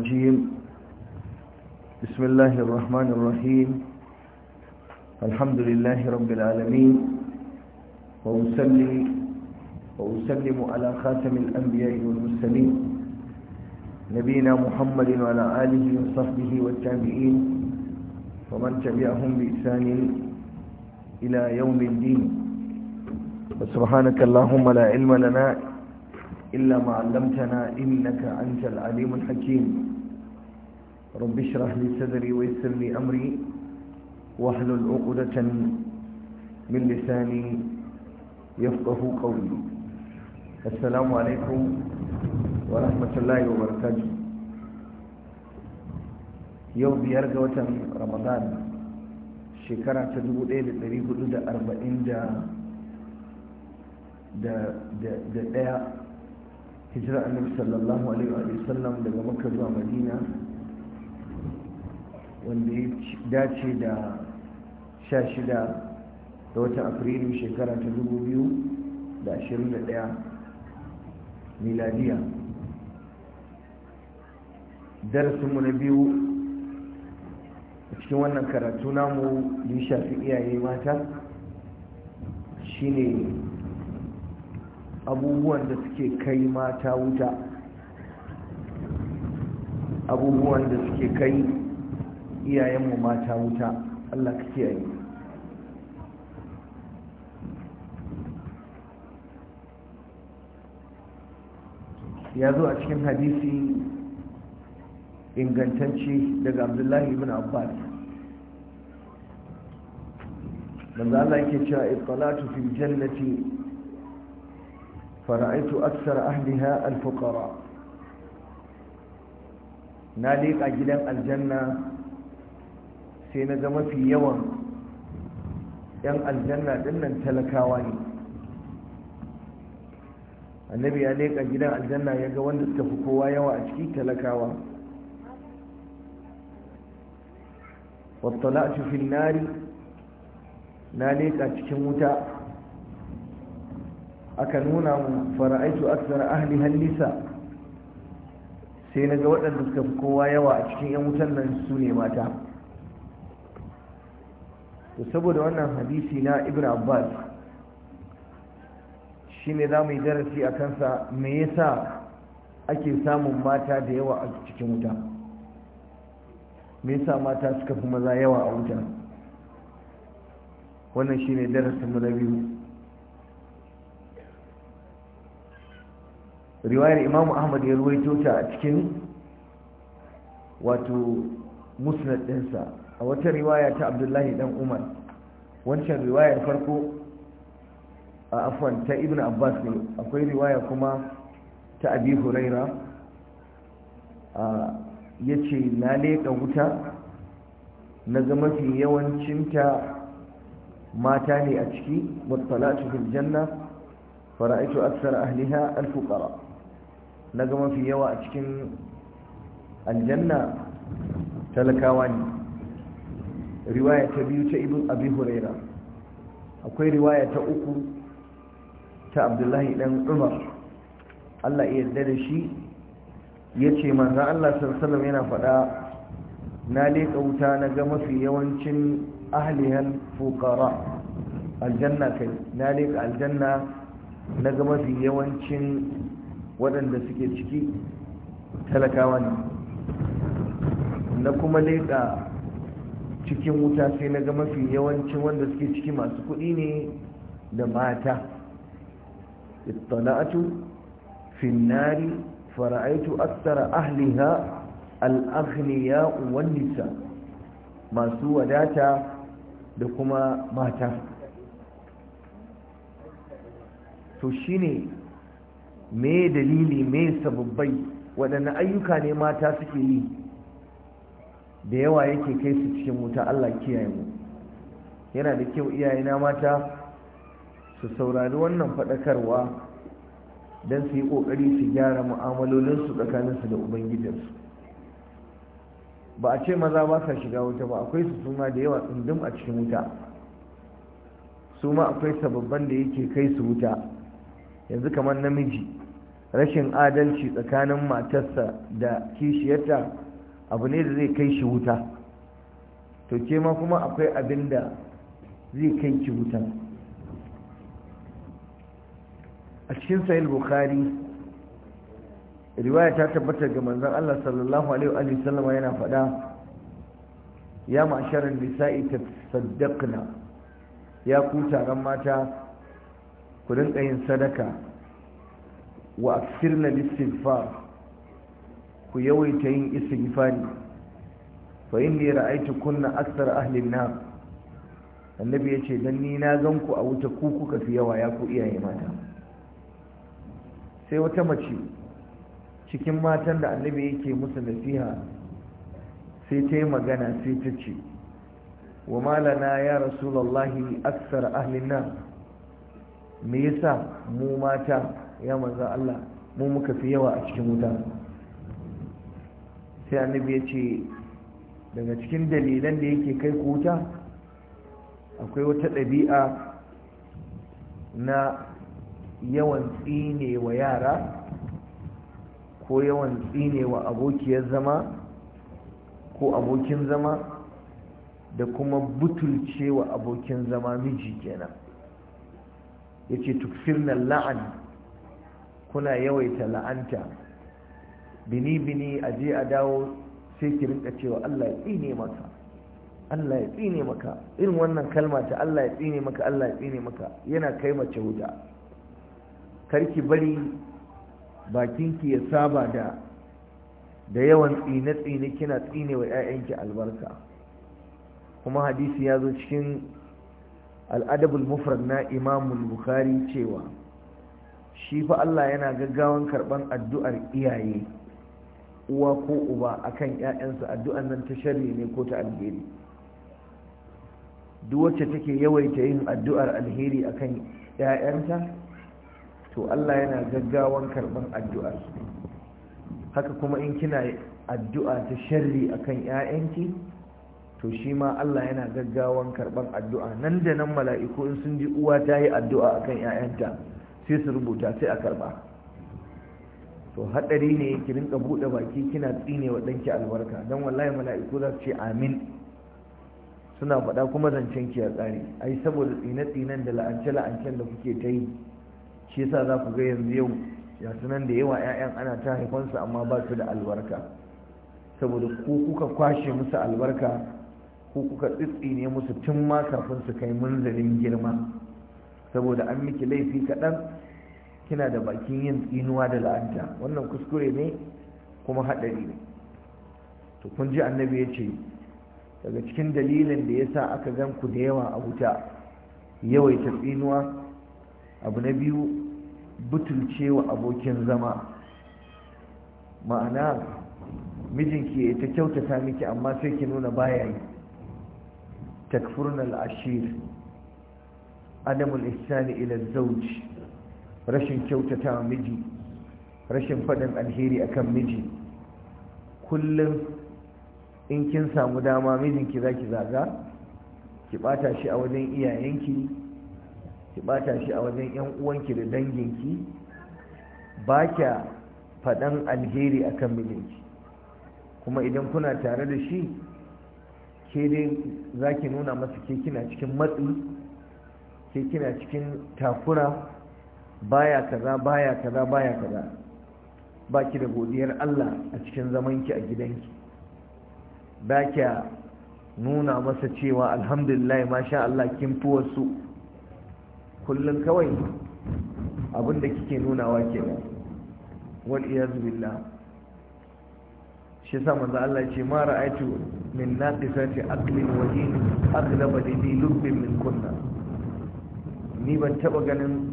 الرجيم بسم الله الرحمن الرحيم الحمد لله رب العالمين وأسلي وأسلم على خاتم الأنبياء والمرسلين نبينا محمد وعلى آله وصحبه والتابعين ومن تبعهم بإحسان إلى يوم الدين وسبحانك اللهم لا علم لنا إلا ما علمتنا إنك أنت العليم الحكيم رب اشرح لي صدري ويسر لي أمري واحلل عقدة من لساني يفقه قولي السلام عليكم ورحمة الله وبركاته يوم بيرجع رمضان شكرا تدبو ليلة لريه لدى أربعين دا دا, دا, دا hijira annabi sallallahu alaihi wa sallam daga makka zuwa madina wanda ya dace da sha shida da watan afrilu shekara ta 2021 miladiya darasinmu na biyu a cikin wannan karatu namu ya shafi iyaye mata shine abubuwan da suke kai mata wuta abubuwan da suke kai iyayenmu mata wuta Allah ka kiyaye ya zo a cikin hadisi ingantacce daga abdullahi ibn abbas manzo Allah yake cewa ittalatu fi jannati fara'aitu aksar ahliha al alfukara. na leƙa gidan aljanna sai na ga mafi yawan 'yan aljanna dinnan talakawa ne annabi ya leƙa gidan aljanna ya ga wanda suka fi kowa yawa a ciki talakawa wattala'atu cikin nari na leƙa cikin wuta aka nuna mu fara'aitu aksar ahli hallisa sai na ga waɗanda suka fi kowa yawa a cikin 'yan wutan nan su ne mata to saboda wannan hadisi na ibn abbas shi ne za mu yi darasi a kansa me yasa ake samun mata da yawa a cikin wuta me yasa mata suka fi maza yawa a wuta wannan shi ne mu na biyu riwayar imamu ahmad ya ruwaito ta a cikin wato musnad ɗinsa a wata riwaya ta abdullahi dan umar wancan riwayar farko a afwan ta ibn abbas ne akwai riwaya kuma ta abi huraira ya ce na leƙa wuta na ga mafi yawancinta mata ne a ciki wattalatu fil janna fara'aitu aksar ahliha alfukara na ga mafi yawa a cikin aljanna talakawa ne riwaya ta biyu ta ibn abi huraira akwai riwaya ta uku ta abdullahi dan umar Allah ya yarda da shi yace manzan Allah sallallahu yana faɗa na leka wuta na ga mafi yawancin ahlihan fuqara aljanna kai na leka aljanna na ga mafi yawancin waɗanda suke ciki talakawa ne na kuma leka cikin wuta sai na ga mafi yawancin wanda suke ciki masu kuɗi ne da mata ittala'atu finnari fara'aitu aksara ahliha al'akhliya wan nisa masu wadata da kuma mata to shine me dalili me sababbai waɗanne ayyuka ne mata suke yi da yawa yake kai su cikin wuta Allah kiyaye mu yana da kyau iyayena mata su saurari wannan faɗakarwa don su yi ƙoƙari su gyara mu'amalolinsu tsakaninsu da ubangijinsu ba a ce maza ba sa shiga wuta ba akwai su suma da yawa tsundum a cikin wuta su ma akwai sababban da yake kai su wuta yanzu kamar namiji rashin adalci tsakanin matarsa da kishiyarta abu ne da zai kai shi wuta to ke ma kuma akwai abin da zai kai ki wuta a cikin sahih bukhari riwaya ta tabbata ga manzan, Allah sallallahu alaihi yana faɗa ya ma'asharar nisa'i saddakna ya ku taron mata ku rinka yin sadaka wa aksirna fara ku yawaita yin istighfari fa inni ra'aytu kunna akthar ahli an-nar annabi yace dan ni na gan ku a wuta ku kuka fi yawa ya ku iyaye mata sai wata mace cikin matan da annabi yake musu nasiha sai ta yi magana sai ta ce wa malana ya rasulullahi aksar ahlin nan me yasa mu mata ya manzo Allah mu muka fi yawa a cikin wuta sai annabi ya ce daga cikin dalilan da yake kai ku wuta akwai wata ɗabi'a na yawan tsine wa yara ko yawan tsine wa abokiyar zama ko abokin zama da kuma butulce wa abokin zama miji kenan ya ce tukfirnan la'an kuna yawaita la'anta bini bini a je a dawo sai ki rinka cewa Allah ya tsine maka Allah ya tsine maka irin wannan kalma ta Allah ya tsine maka Allah ya tsine maka yana kai mace wuta karki bari bakinki ya saba da da yawan tsine tsine kina tsine wa ƴaƴanki albarka kuma hadisi ya zo cikin al'adabul mufrad na imamul bukhari cewa shi fa Allah yana gaggawan karban addu'ar iyaye uwa ko uba akan yayansu addu'an nan ta sharri ne ko ta alheri duk wacce take yawaita yin addu'ar alheri akan ƴaƴanta to Allah yana gaggawan karban addu'ar haka kuma in kina addu'a ta sharri akan 'ya'yanki, to shi ma Allah yana gaggawan karɓar addu'a nan da nan mala'iku in sun ji uwa ta yi addu'a akan 'ya'yanta sai su rubuta sai a karɓa. to hadari ne ki rinka buɗe baki kina tsine wa danki albarka dan wallahi mala'iku za su ce amin suna faɗa kuma zancen ki ya tsari ai saboda tsine tsinen da la'ance la'ancen da kuke ta yi shi yasa za ku ga yanzu yau ya sunan da yawa ƴaƴan ana ta haifansu amma ba su da albarka saboda ku kuka kwashe musu albarka ku kuka tsitsine musu tun ma kafin su kai munzalin girma saboda an miki laifi kaɗan kina da bakin yin tsinuwa da la'anta wannan kuskure ne kuma haɗari ne to kun ji annabi ya ce daga cikin dalilin da ya sa aka gan ku da yawa a wuta yawaita tsinuwa abu na biyu wa abokin zama ma'ana mijinki ya ta kyautata miki amma sai ki nuna baya yi takfurnal ashir adamul ihsani ila zawji rashin kyautata wa miji rashin faɗin alheri akan miji kullum in kin samu dama mijinki za ki zaga ki ɓata shi a wajen iyayenki ki ɓata shi a wajen 'yan uwanki da danginki ba kya faɗan alheri akan mijinki kuma idan kuna tare da shi ke dai za ki nuna masa ke kina cikin matsi ke kina cikin takura baya kaza baya kaza baya kaza baki da godiyar Allah a cikin zamanki a gidanki baki nuna masa cewa alhamdulillah masha Allah kin fi wasu kullum kawai abinda kike nunawa ke wal iyaz billah shi sa manzo Allah ce ma ra'aitu min naqisati aqlin wa din aqlaba li lubbi min kunna ni ban taba ganin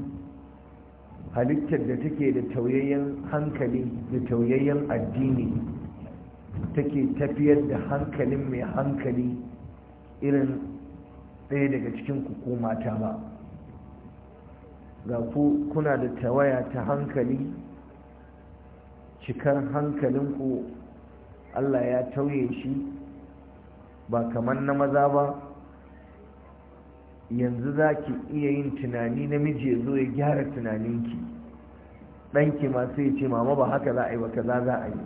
halittar da take da tauyayyen hankali da tauyayyen addini take tafiyar da hankalin mai hankali irin ɗaya daga cikin mata ba ga ku kuna da tawaya ta hankali cikar hankalinku allah ya tauye shi ba kamar na maza ba yanzu za ki iya yin tunani namiji ya zo ya gyara tunaninki ɗanki ma sai ya ce mama ba haka za a yi ba kaza za a yi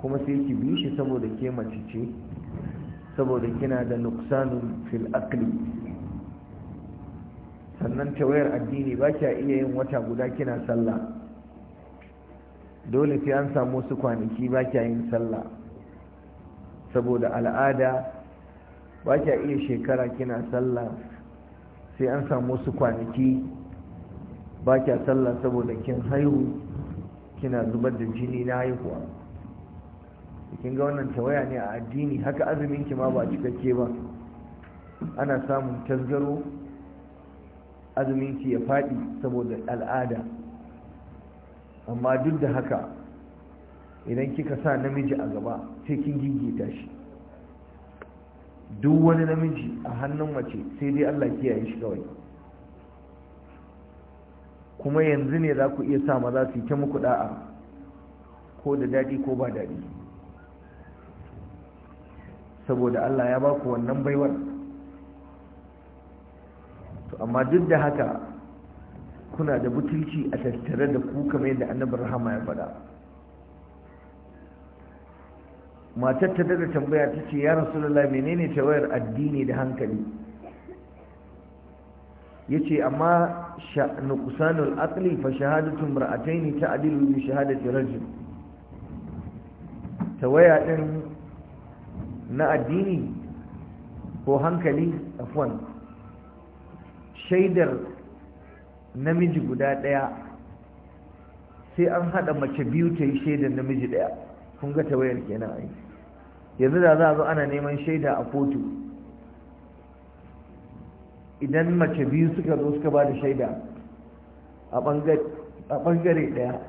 kuma sai ki bi shi saboda ke mace ce saboda kina da nuksanun filakli sannan tawayar addini ba kya iya yin wata guda kina sallah dole sai an samu su kwanaki ba kya yin sallah saboda al'ada ba kya iya shekara kina sallah sai an samu wasu kwanaki ba kya sallah saboda kin haihu kina zubar da jini na haihuwa kin ga wannan tawaya ne a addini haka azumin ki ma ba cikakke ba ana samun tasgaro azumin ya faɗi saboda al'ada amma duk da haka idan kika sa namiji a gaba sai kin gigita shi duk wani namiji a hannun mace sai dai Allah kiyaye shi kawai kuma yanzu ne za ku iya sa maza su yi ta muku da'a ko da daɗi ko ba daɗi saboda Allah ya baku wannan baiwar to amma duk da haka kuna da butulci a tattare da ku kamar yadda annabi rahama ya faɗa matar ta da tambaya ta ce ya rasu rasulullah menene wayar addini da hankali ya ce amma nukusanul asali fa shahadatu ta ta'dilu bi shahadati rajul tawaya din na addini ko hankali afwan shaidar namiji guda ɗaya sai an haɗa mace biyu ta yi shaidar namiji daya kun ga tawayar kenan aiki yanzu da za a zo ana neman shaida a kotu idan mace biyu suka zo suka ba da shaida a bangare ɗaya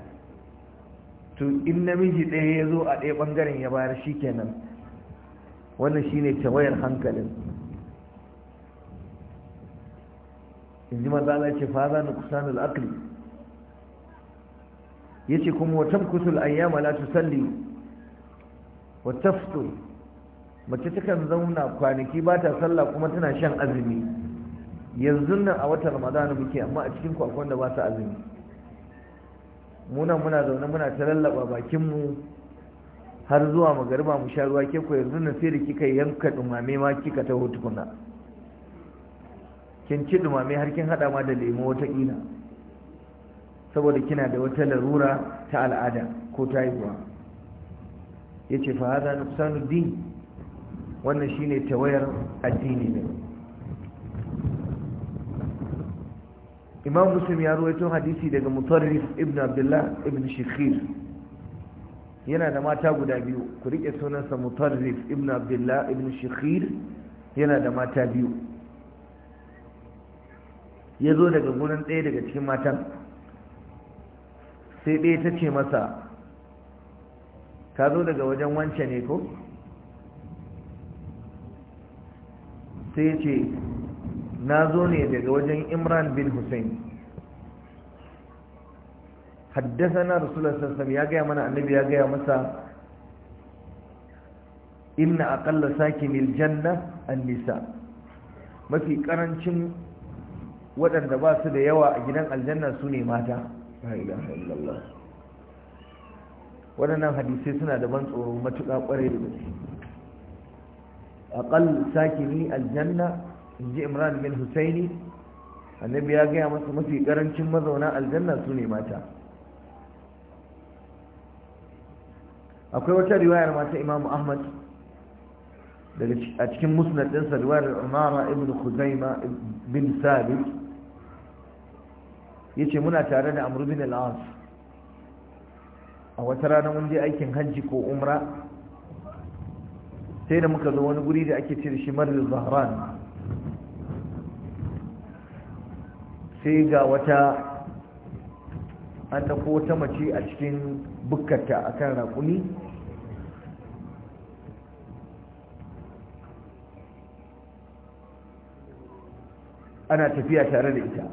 to in namiji ɗaya ya zo a ɗaya bangaren ya bayar shi kenan wannan shi ne tawayar hankalin in ji mazala ce faza na kusan al'akli ya ce kuma watan kusur ayyama la tusalli wa taftur mace takan zauna kwanaki ba ta sallah kuma tana shan azumi yanzu nan a watan ramadana muke amma a cikin kwakwan da ba ta azumi muna muna zaune muna ta lallaba mu har zuwa magariba mu sha ruwa ke ko yanzu nan sai da kika yanka dumame ma kika ta hotuna kin ci dumame har kin hada ma da lemo wata kila saboda kina da wata larura ta al'ada ko ta haihuwa ya ce fa nuksanu din wannan shine tawayar addini ne imam muslim ya ruwaito hadisi daga mutarrif ibn abdullah ibn shikhir yana da mata guda biyu ku rike sunansa mutarrif ibn abdullah ibn shikhir yana da mata biyu ya zo daga gurin ɗaya daga cikin matan sai ɗaya ta ce masa ka zo daga wajen wance ne ko sai ce na zo ne daga wajen imran bin hussein Haddasa na rasulullah sassan, ya gaya mana annabi ya gaya masa inna sake mil janna an-nisa mafi karancin waɗanda ba su da yawa a gidan aljanna su ne mata waɗannan hadisai suna da ban tsoro matuƙa ƙwarai da gaske Saki ni aljanna in ji imran bin husaini annabi ya gaya masa mafi ƙarancin mazauna aljanna su ne mata akwai wata riwayar mata imam ahmad a cikin musnad ɗinsa riwayar umara ibn khuzaima bin sabit yace muna tare da amru bin a wata rana mun je aikin hajji ko umra sai da muka zo wani guri da ake ce da shi marar zahran sai ga wata an tafi wata mace a cikin bukkata a kan rakuni ana tafiya tare da ita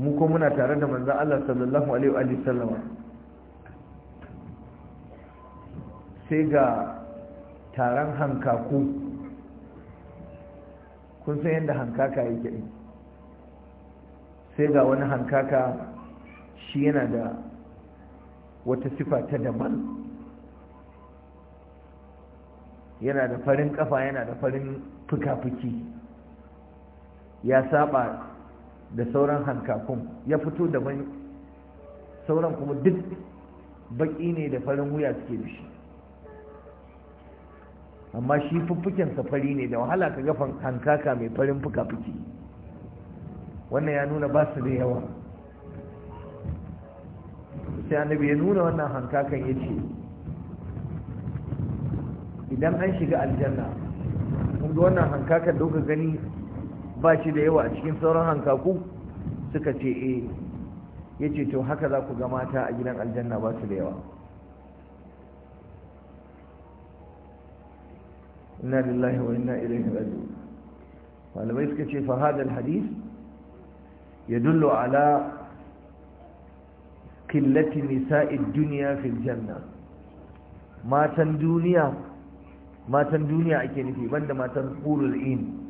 mu ko muna tare da manzan Allah sallallahu Alaihi wasallama sai ga taron hankaku kun san yadda hankaka yake ne sai ga wani hankaka shi yana da wata sifa ta daban yana da farin kafa yana da farin fuka-fuki ya saba da sauran hankakun ya fito daban sauran kuma duk baki ne da farin wuya suke da shi amma shi fuffuken safari ne da wahala ka gafan hankaka mai farin fuka-fuki wannan ya nuna ba su da yawa sai annabi ya nuna wannan hankakan ya ce idan an shiga aljanna kun ga wannan hankakan da gani ba shi da yawa a cikin sauran hankaku suka ce eh ya ce to haka za ku ga mata a gidan aljanna ba su da yawa inna lillahi wa inna ilaihi raji'un malamai suka ce fa hadis? Ya dullo ala qillati nisa'id duniya fil janna matan duniya matan duniya ake nufi banda matan hurul in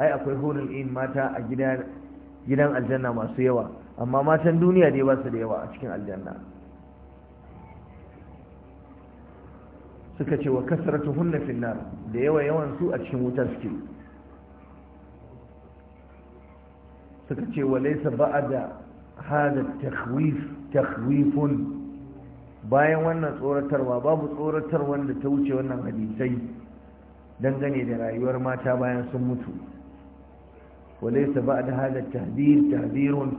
ai akwai hurul in mata a gidan aljanna masu yawa amma matan duniya dai ba su da yawa a cikin aljanna suka ce wa kasaratu hunna finnar da yawa yawan su a cikin wutar suke suka ce wa laysa ba'da hada takhwif bayan wannan tsoratarwa babu tsoratarwa wanda ta wuce wannan hadisai dangane da rayuwar mata bayan sun mutu wa laysa ba'da hada tahdhir tahdhirun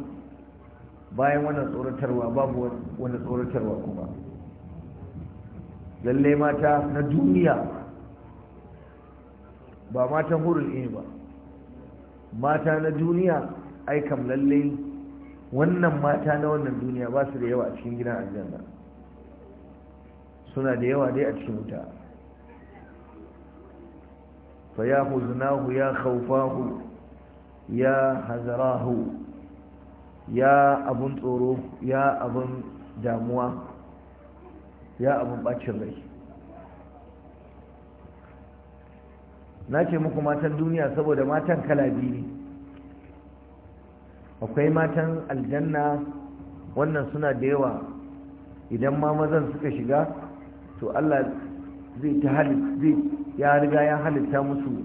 bayan wannan tsoratarwa babu wani tsoratarwa kuma lalle mata na duniya ba matan hurul ini ba mata na duniya ai kam lalle wannan mata na wannan duniya ba su da yawa a cikin gidan aljanna suna da yawa dai a cikin wuta fa ya huznahu ya khawfahu ya hazarahu ya abun tsoro ya abun damuwa ya abin bacin rai na ce muku matan duniya saboda matan kala biyu ne akwai matan aljanna wannan suna da yawa idan ma mazan suka shiga to Allah zai ta halitta ya riga ya halitta musu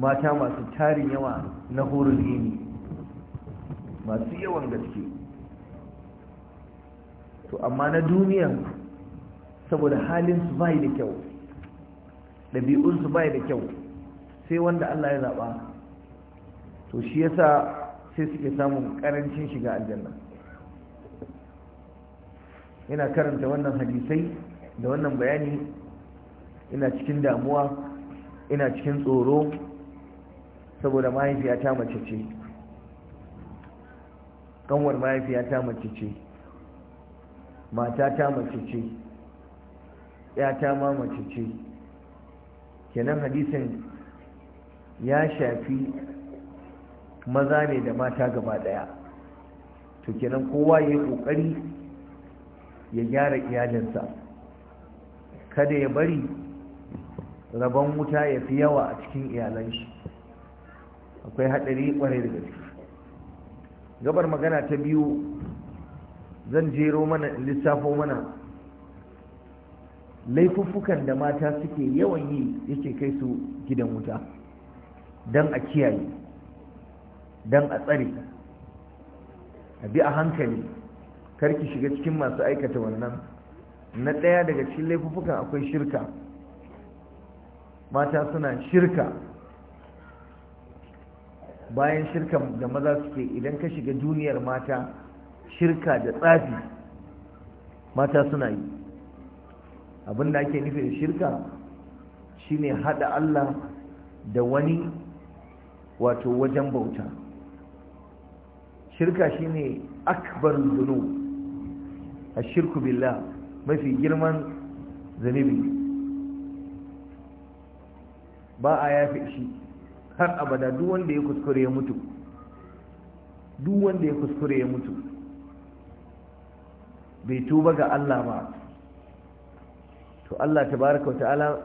mata masu tarin yawa na horon ini masu yawan gaske to amma na duniya saboda halinsu bai da kyau ɗabi'unsu bai da kyau sai wanda Allah ya zaɓa to shi yasa sai suke samun ƙarancin shiga aljanna ina karanta wannan hadisai da wannan bayani ina cikin damuwa ina cikin tsoro saboda mahaifiyata mace ce kanwar mahaifiyata mace ce mata ta mace ce ya ta ma mace ce kenan hadisin ya shafi maza ne da mata gaba daya to kenan kowa ya yi kokari ya gyara iyalinsa kada ya bari rabon wuta ya fi yawa a cikin iyalan shi akwai haɗari ƙwarai da gaske gabar magana ta biyu zan jero mana lissafo mana laifuffukan da mata suke yawan yi yake kai su gidan wuta don a kiyaye don a tsare a bi a hankali karki shiga cikin masu aikata wannan na ɗaya daga cikin laifuffukan akwai shirka mata suna shirka bayan shirkan da maza suke idan ka shiga duniyar mata shirka da tsafi mata suna yi Abin da ake nufi da shirka shine hada Allah da wani wato wajen bauta shirka shine akbar dhunub ashirku billah mafi girman zunubi. ba a yafe shi har abada duk wanda ya kuskure ya mutu duk wanda ya kuskure ya mutu bai tuba ga Allah ba to Allah tabaraka ta'ala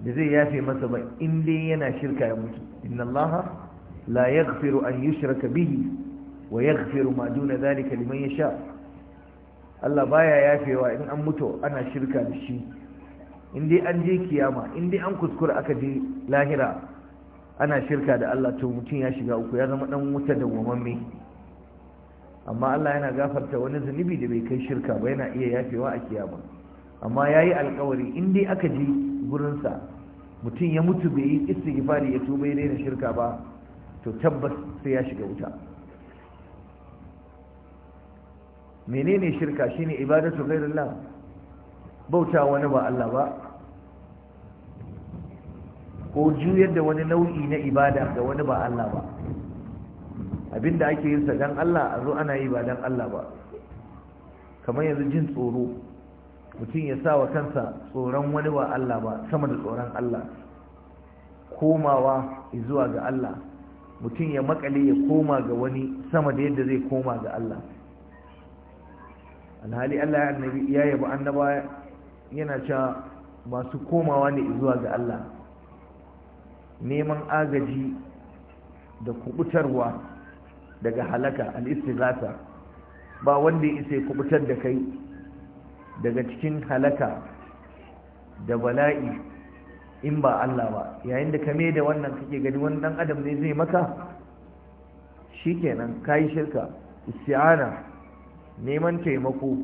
da zai yafe masa ba in yana shirka ya mutu inna Allah la gafiru an shirka bihi wa yaghfiru ma duna dhalika ya sha. Allah baya yafewa in an mutu ana shirka da shi in an je kiyama in an kuskura aka je lahira ana shirka da Allah to mutum ya shiga uku ya zama dan wuta da wamamme amma Allah yana gafarta wani zunubi da bai kai shirka ba yana iya yafewa a kiyama amma yayi alƙawari in dai aka je gurinsa mutum ya mutu bai yi istighfari ya tuba ya daina shirka ba to tabbas sai ya shiga wuta menene shirka shine ibadatu ghairillah bauta wani ba Allah ba ko juyar da wani nau'i na ibada ga wani ba Allah ba Abin da ake yin sa dan Allah a zo ana yi ba dan Allah ba kamar yanzu jin tsoro mutum ya sa wa kansa tsoron wani ba Allah ba sama da tsoron Allah komawa zuwa ga Allah mutum ya makale ya koma ga wani sama da yadda zai koma ga Allah alhali Allah ya annabi ya yabi annaba yana cewa masu komawa ne zuwa ga Allah neman agaji da kubutarwa daga halaka al-istighatha ba wanda ya kubutar da kai daga cikin halaka da bala'i in ba Allah ba yayin da kame da wannan kake gani wani dan adam ne zai maka Shi kenan kai shirka isti'ana neman taimako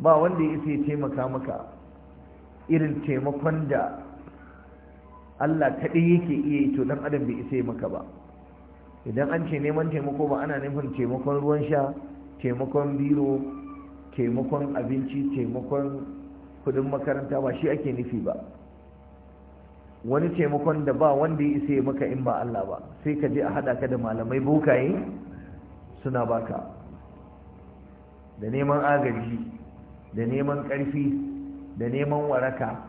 ba wanda ya ya taimaka maka irin taimakon da Allah kaɗai yake iya yi to dan adam bai isa maka ba idan an ce neman taimako ba ana nufin taimakon ruwan sha taimakon biro taimakon abinci taimakon kudin makaranta ba shi ake nufi ba wani taimakon da ba wanda ya isa ya maka in ba Allah ba sai ka je a haɗa ka da malamai bokaye suna baka da neman agaji da neman ƙarfi da neman waraka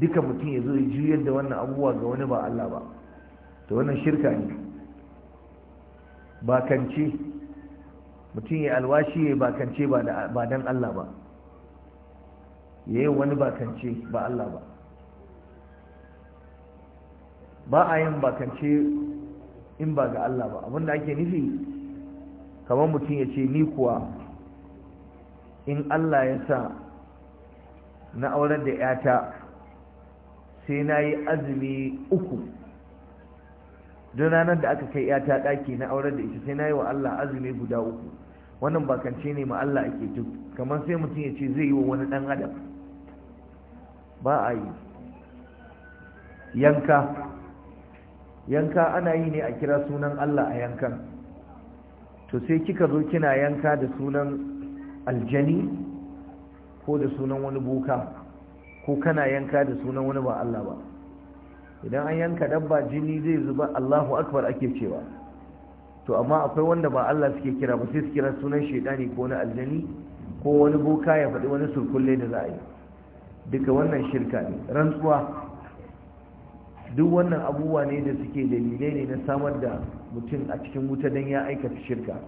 duka mutum ya zo ya juyar da wannan abubuwa ga wani ba Allah ba to wannan shirka ne bakance mutum ya alwashi ya bakance ba don Allah ba ya yi wani bakance ba Allah ba ba a yin bakance in ba ga Allah ba abinda ake nufi kamar mutum ya ce ni kuwa in Allah ya sa na aurar da 'yata sai na yi azumi uku don ranar da aka kai yata ɗaki na aure da ita sai na yi wa Allah azumi guda uku wannan bakance ne ma Allah ake duk kamar sai mutum ya ce zai yi wa wani ɗan adam ba a yi yanka yanka ana yi ne a kira sunan Allah a yankan to sai kika zo kina yanka da sunan aljani ko da sunan wani buka ko kana yanka da sunan wani ba Allah ba idan an yanka dabba jini zai zuba Allahu akbar ake cewa to amma akwai wanda ba Allah suke kira ba sai su kira sunan shedani ko na aljani ko wani boka ya faɗi wani surkulle da za a yi duka wannan shirka ne rantsuwa duk wannan abubuwa ne da suke dalilai ne na samar da mutum a cikin wuta don ya aikata shirka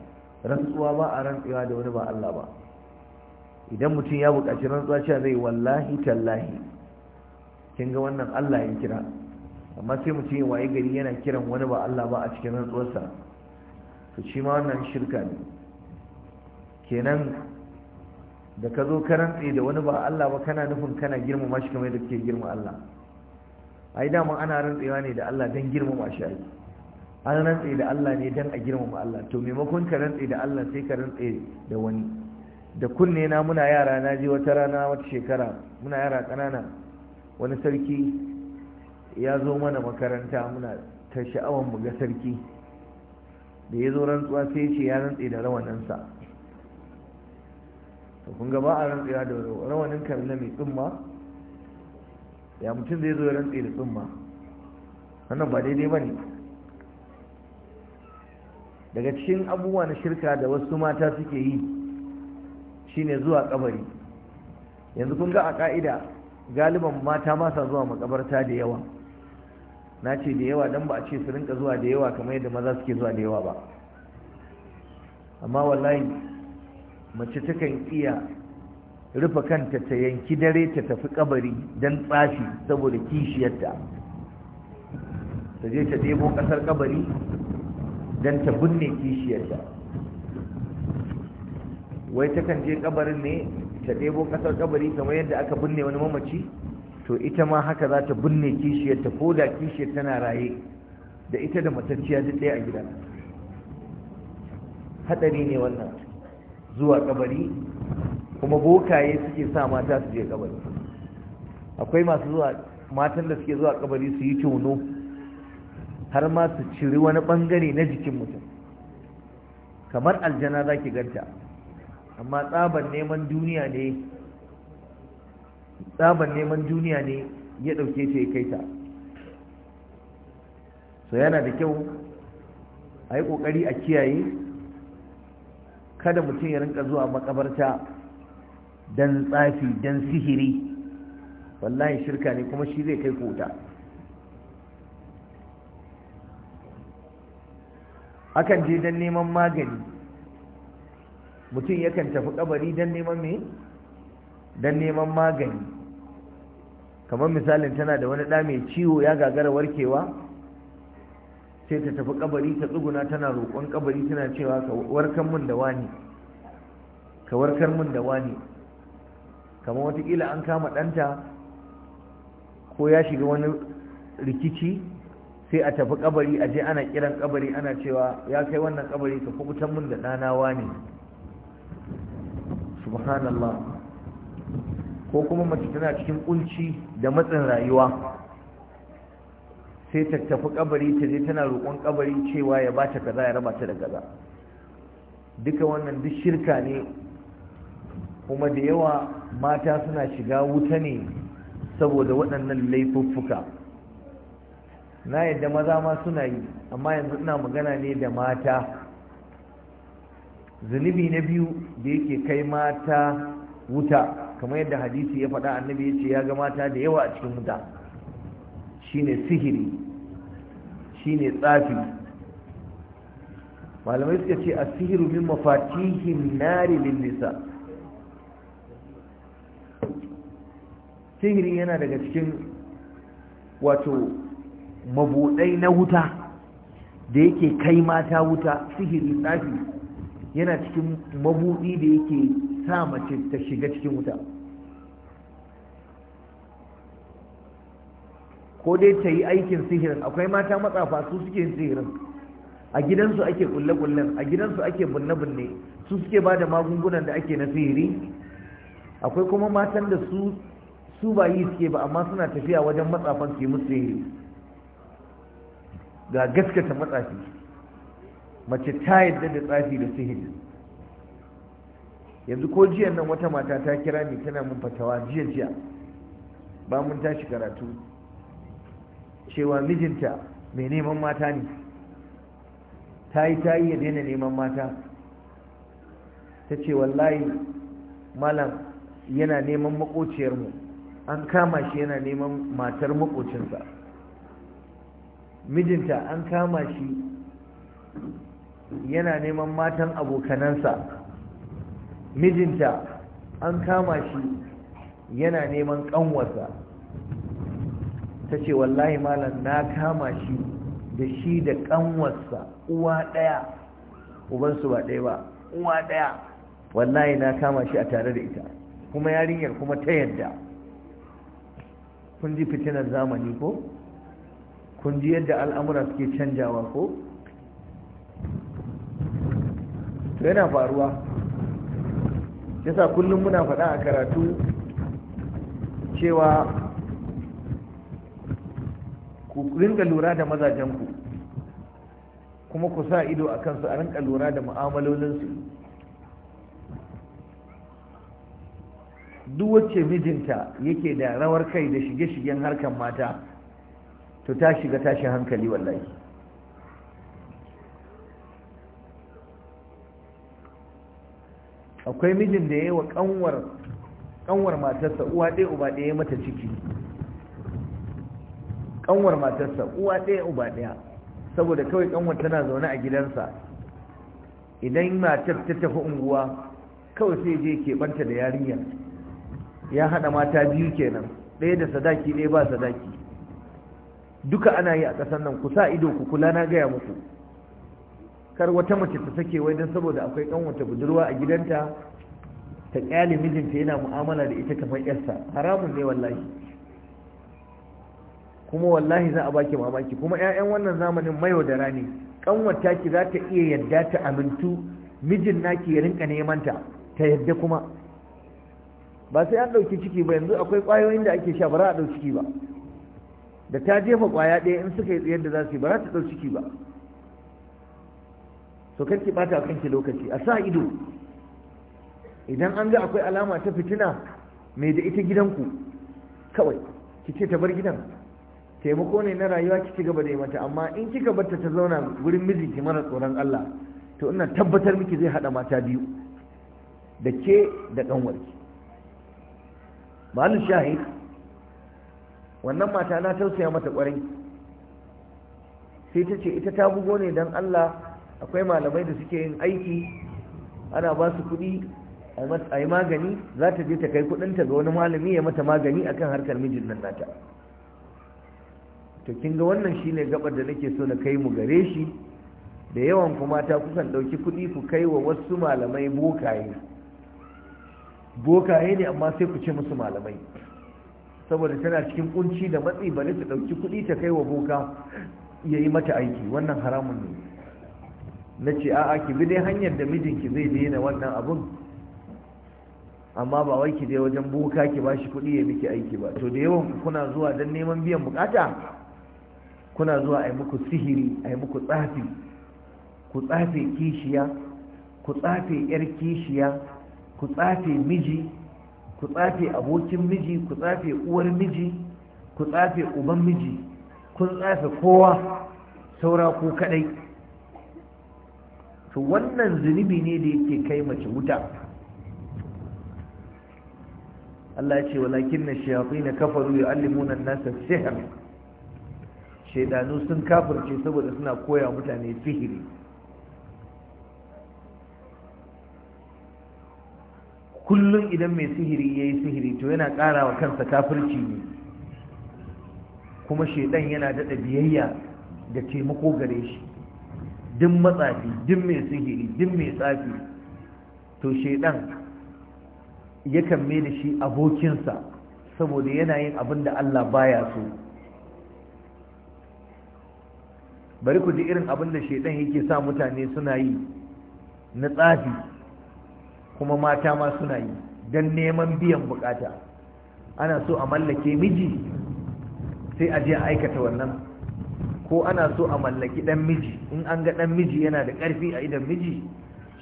rantsuwa ba a rantsuwa da wani ba Allah ba idan mutum ya buƙaci rantsuwa cewa zai wallahi tallahi kin ga wannan Allah ya kira amma sai mutum ya waye gari yana kiran wani ba Allah ba a cikin rantsuwarsa to shi ma wannan shirka ne kenan da ka zo ka rantse da wani ba Allah ba kana nufin kana girmama shi kamar da kake girma Allah ai dama ana rantsewa ne da Allah don girmama shi ai an rantse da Allah ne don a girmama Allah to maimakon ka rantse da Allah sai ka rantse da wani da kunne na muna yara na je wata rana wata shekara muna yara ƙanana wani sarki ya zo mana makaranta muna ta sha'awar mu ga sarki da ya zo rantsuwa sai ce ya rantse da rawaninsa to kun ga ba a rantsewa da rawanin na mai tsumma ya mutum zai zo ya rantse da tsumma wannan ba daidai ba ne daga cikin abubuwa na shirka da wasu mata suke yi shine zuwa kabari yanzu kun ga a ka'ida galiban mata masa zuwa makabarta da yawa na ce da yawa don ba a ce su rinka zuwa da yawa kamar yadda maza suke zuwa da yawa ba amma wallahi mace takan iya rufe kanta ta yanki dare ta tafi kabari don tsafi saboda kishiyarta ta je ta debo kasar kabari don ta binne kishiyarta wai takan je kabarin ne ta debo kasar kabari kamar yadda aka binne wani mamaci to ita ma haka za ta binne kishiyarta ko da kishiyar tana raye da ita da matacciya duk ɗaya a gida haɗari ne wannan zuwa kabari kuma bokaye suke sa mata su je kabari akwai masu zuwa matan da suke zuwa kabari su yi tono har ma su ciri wani bangare na jikin mutum kamar aljana za ki ganta amma tsaban neman duniya ne tsaban neman duniya ne ya ɗauke ta ya kai ta so yana da kyau a yi ƙoƙari a kiyaye kada mutum ya rinka zuwa makabarta don tsafi don sihiri wallahi shirka ne kuma shi zai kai kota akan je don neman magani mutum yakan tafi kabari don neman mai don neman magani kamar misalin tana da wani ɗa mai ciwo ya gagara warkewa sai ta tafi kabari ta tsuguna tana roƙon kabari tana cewa ka warkar mun da wani ka warkar mun da wani kamar watakila an kama ɗanta ko ya shiga wani rikici sai a tafi kabari a je ana kiran kabari ana cewa ya kai wannan kabari ka kubutan mun da ɗana wani subhanallah ko kuma mace tana cikin kunci da matsin rayuwa sai ta tafi kabari ta je tana roƙon kabari cewa ya ba ta kaza ya raba ta da kaza duka wannan duk shirka ne kuma da yawa mata suna shiga wuta ne saboda waɗannan laifuffuka na yadda maza ma suna yi amma yanzu ina magana ne da mata zunubi na biyu da yake kai mata wuta kamar yadda hadisi ya faɗa annabi ya ce ya ga mata da yawa a cikin wuta shine sihiri shine tsafi malamai suka ce a sihiru min mafatihin nari lillisa sihiri yana daga cikin wato mabuɗai na wuta da yake kai mata wuta sihiri tsafi yana cikin mabuɗi da yake sa mace ta shiga cikin wuta ko dai ta yi aikin sihirin akwai mata matsafa su suke yin sihirin a gidansu ake kulle-kullen a gidansu ake binne-binne su suke ba da magungunan da ake na sihiri akwai kuma matan da su su ba yi suke ba amma suna tafiya wajen matsafan su yi musu sihiri ga gaskata matsafi mace ta yadda da tsafi da sihiri yanzu ko jiyan nan wata mata ta kira ni tana mun fatawa jiya jiya ba mun tashi karatu cewa mijinta mai neman mata ne ta yi ta yi ya daina neman mata ta ce wallahi malam yana neman makociyarmu an kama shi yana neman matar makocinsa mijinta an kama shi yana neman matan abokanansa mijinta an kama shi yana neman kanwarsa ta ce wallahi malam na kama shi da shi da kanwarsa uwa ɗaya ubansu ba ɗaya ba uwa ɗaya wallahi na kama shi a tare da ita kuma yarinyar kuma ta yadda kun ji fitinar zamani ko kun ji yadda al'amura suke canjawa ko yana faruwa yasa kullum muna faɗa a karatu cewa ku rinka lura da mazajenku kuma ku sa ido a kansu a rinka lura da mu'amalolinsu duk wacce mijinta yake da rawar kai da shige-shigen harkar mata to ta shiga tashin hankali wallahi akwai mijin da ya yi wa kanwar matarsa uwa ɗaya uba ɗaya mata ciki kanwar matarsa uwa ɗaya uba ɗaya saboda kawai kanwar tana zaune a gidansa idan matar ta tafi unguwa kawai sai je banta da yarinya. ya haɗa mata biyu kenan ɗaya da sadaki ɗaya ba sadaki duka ana yi a ƙasar nan ku sa ido ku kula na gaya muku kar wata mace ta sake wai don saboda akwai ɗan wata budurwa a gidanta ta ƙyale mijinta yana mu'amala da ita kamar yarsa haramun ne wallahi kuma wallahi za a baki mamaki kuma 'ya'yan wannan zamanin mai da ne ƙanwata ki za ta iya yadda ta amintu mijin naki ya rinka neman ta ta yadda kuma ba sai an ɗauki ciki ba yanzu akwai ƙwayoyin da ake sha ba za a ɗauki ciki ba da ta jefa kwaya ɗaya in suka yi tsayar da za su yi ba za ta ɗauki ciki ba to ki bata kanki lokaci a sa ido idan an ga akwai alama ta fitina mai da ita gidanku kawai ki ce ta bar gidan taimako ne na rayuwa ki ci gaba da yi mata amma in kika barta ta zauna gurin miji ki mara tsoron Allah to ina tabbatar miki zai hada mata biyu da ke da kanwarki malum shahid wannan mata na tausaya mata kwarai sai ta ce ita ta bugo ne dan Allah akwai malamai da suke yin aiki ana ba su kuɗi a yi magani za ta je ta kai kuɗinta ga wani malami ya mata magani a kan harkar mijin nan nata to kin ga wannan ne gabar da nake so na kai mu gare shi da yawan kuma ta kukan ɗauki kuɗi ku kai wa wasu malamai bokaye bokaye ne amma sai ku ce musu malamai saboda tana cikin kunci da matsi bari ta ɗauki kuɗi ta kai wa boka ya yi mata aiki wannan haramun ne na ce a'a ki bi dai hanyar da mijinki zai daina wannan abun amma ba wai ki je wajen boka ki ba shi kuɗi ya miki aiki ba to da yawan kuna zuwa don neman biyan bukata kuna zuwa a yi muku sihiri a yi muku tsafi ku tsafe kishiya ku tsafe yar kishiya ku tsafe miji ku tsafe abokin miji ku tsafe uwar miji ku tsafe uban miji kun tsafe kowa saura ku kaɗai to wannan zunubi ne da yake kai mace wuta Allah ya ce walakin na shayafi na kafaru ya allimuna nasa sihir shaidanu sun kafarce saboda suna koya mutane sihiri kullum idan mai sihiri ya yi sihiri to yana ƙara wa kansa kafirci ne kuma shaidan yana daɗa biyayya da taimako gare shi din matsafi din mai sihiri din mai tsafi to shaidan yakan mai da shi abokinsa saboda yana yin abin da Allah baya so bari ku ji irin abin da shaidan yake sa mutane suna yi na tsafi kuma mata ma suna yi don neman biyan bukata ana so a mallake miji sai a je aikata wannan ko ana so a mallaki ɗan miji in an ga dan miji yana da ƙarfi a idan miji